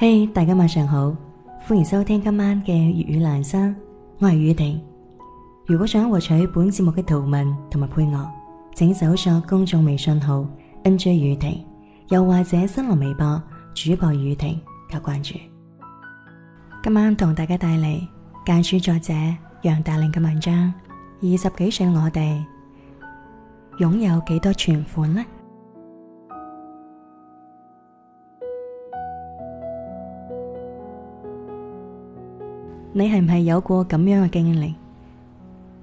嘿，hey，大家晚上好，歡迎收聽今晚嘅粵語蘭生，我係宇婷。如果想獲取本節目嘅圖文同埋配樂，請搜索公眾微信號 NJ 宇婷，又或者新浪微博主播宇婷加關注。今晚同大家帶嚟簡書作者楊大令嘅文章。二十幾歲我哋擁有幾多存款呢？你係唔係有過咁樣嘅經歷？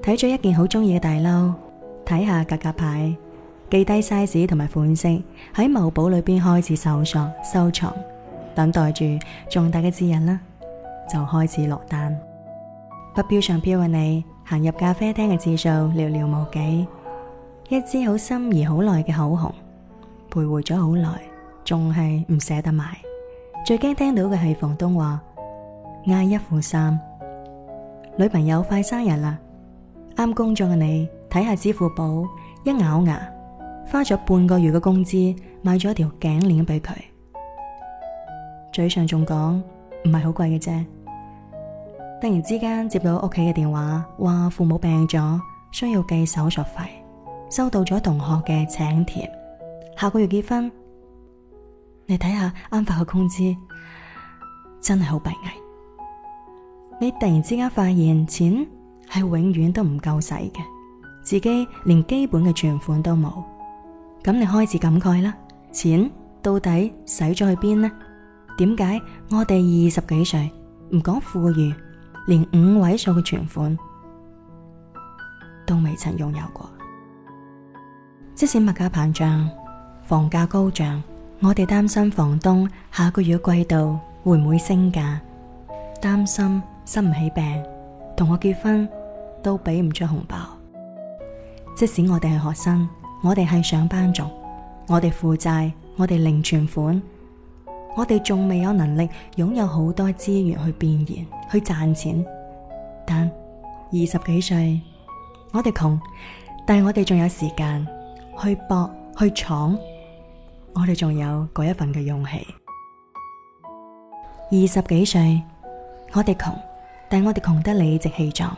睇咗一件好鍾意嘅大褸，睇下價格牌，記低 size 同埋款式，喺某寶裏邊開始搜索收藏，等待住重大嘅指引啦，就開始落單。北漂上漂嘅、啊、你，行入咖啡廳嘅次數寥寥無幾。一支好心儀好耐嘅口紅，徘徊咗好耐，仲係唔捨得買。最驚聽到嘅係房東話。押一付三，女朋友快生日啦，啱工作嘅你睇下支付寶，一咬牙，花咗半個月嘅工資買咗一條頸鏈俾佢，嘴上仲講唔係好貴嘅啫。突然之間接到屋企嘅電話，話父母病咗，需要寄手術費，收到咗同學嘅請帖，下個月結婚，你睇下啱發嘅工資，真係好閉翳。你突然之間發現錢係永遠都唔夠使嘅，自己連基本嘅存款都冇，咁你開始感慨啦。錢到底使咗去邊呢？點解我哋二十幾歲唔講富裕，連五位數嘅存款都未曾擁有過？即使物價膨脹、房價高漲，我哋擔心房東下個月季度會唔會升價，擔心。生唔起病，同學結婚都俾唔出紅包。即使我哋係學生，我哋係上班族，我哋負債，我哋零存款，我哋仲未有能力擁有好多資源去變現、去賺錢。但二十幾歲，我哋窮，但係我哋仲有時間去搏、去闖，我哋仲有嗰一份嘅勇氣。二十幾歲，我哋窮。但我哋窮得理直氣壯，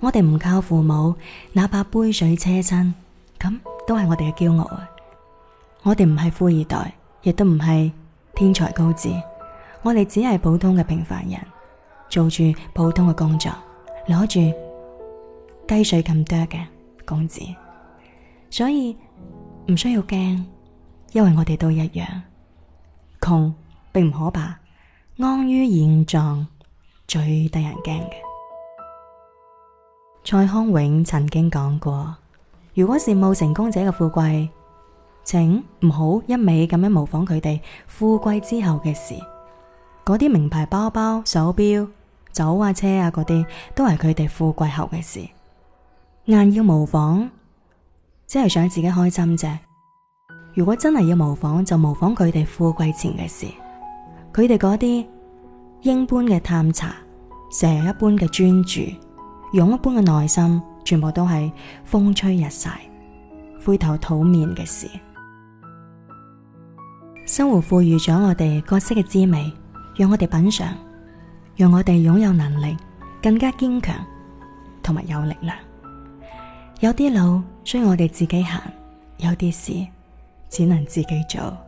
我哋唔靠父母，哪怕杯水車薪，咁都係我哋嘅驕傲啊！我哋唔係富二代，亦都唔係天才高知，我哋只係普通嘅平凡人，做住普通嘅工作，攞住雞碎咁多嘅工資，所以唔需要驚，因為我哋都一樣，窮並唔可怕，安於現狀。最得人驚嘅，蔡康永曾經講過：如果羨慕成功者嘅富貴，請唔好一味咁樣模仿佢哋富貴之後嘅事。嗰啲名牌包包、手錶、酒啊、車啊嗰啲，都係佢哋富貴後嘅事。硬要模仿，只係想自己開心啫。如果真係要模仿，就模仿佢哋富貴前嘅事，佢哋嗰啲。鷹般嘅探查，蛇一般嘅專注，勇一般嘅耐心，全部都係風吹日晒、灰頭土面嘅事。生活賦予咗我哋各式嘅滋味，讓我哋品嘗，讓我哋擁有能力，更加堅強同埋有力量。有啲路需要我哋自己行，有啲事只能自己做。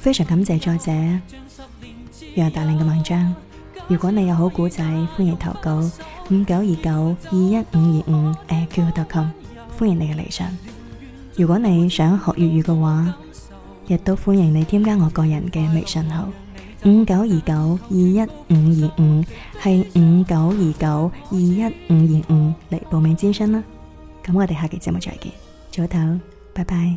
非常感謝作者楊大玲嘅文章。如果你有好古仔，歡迎投稿五九二九二一五二五誒，QQ 點 com 歡迎你嘅嚟信。如果你想學粵語嘅話，亦都歡迎你添加我個人嘅微信號五九二九二一五二五，係五九二九二一五二五嚟報名諮詢啦。咁我哋下期節目再見，早唞，拜拜。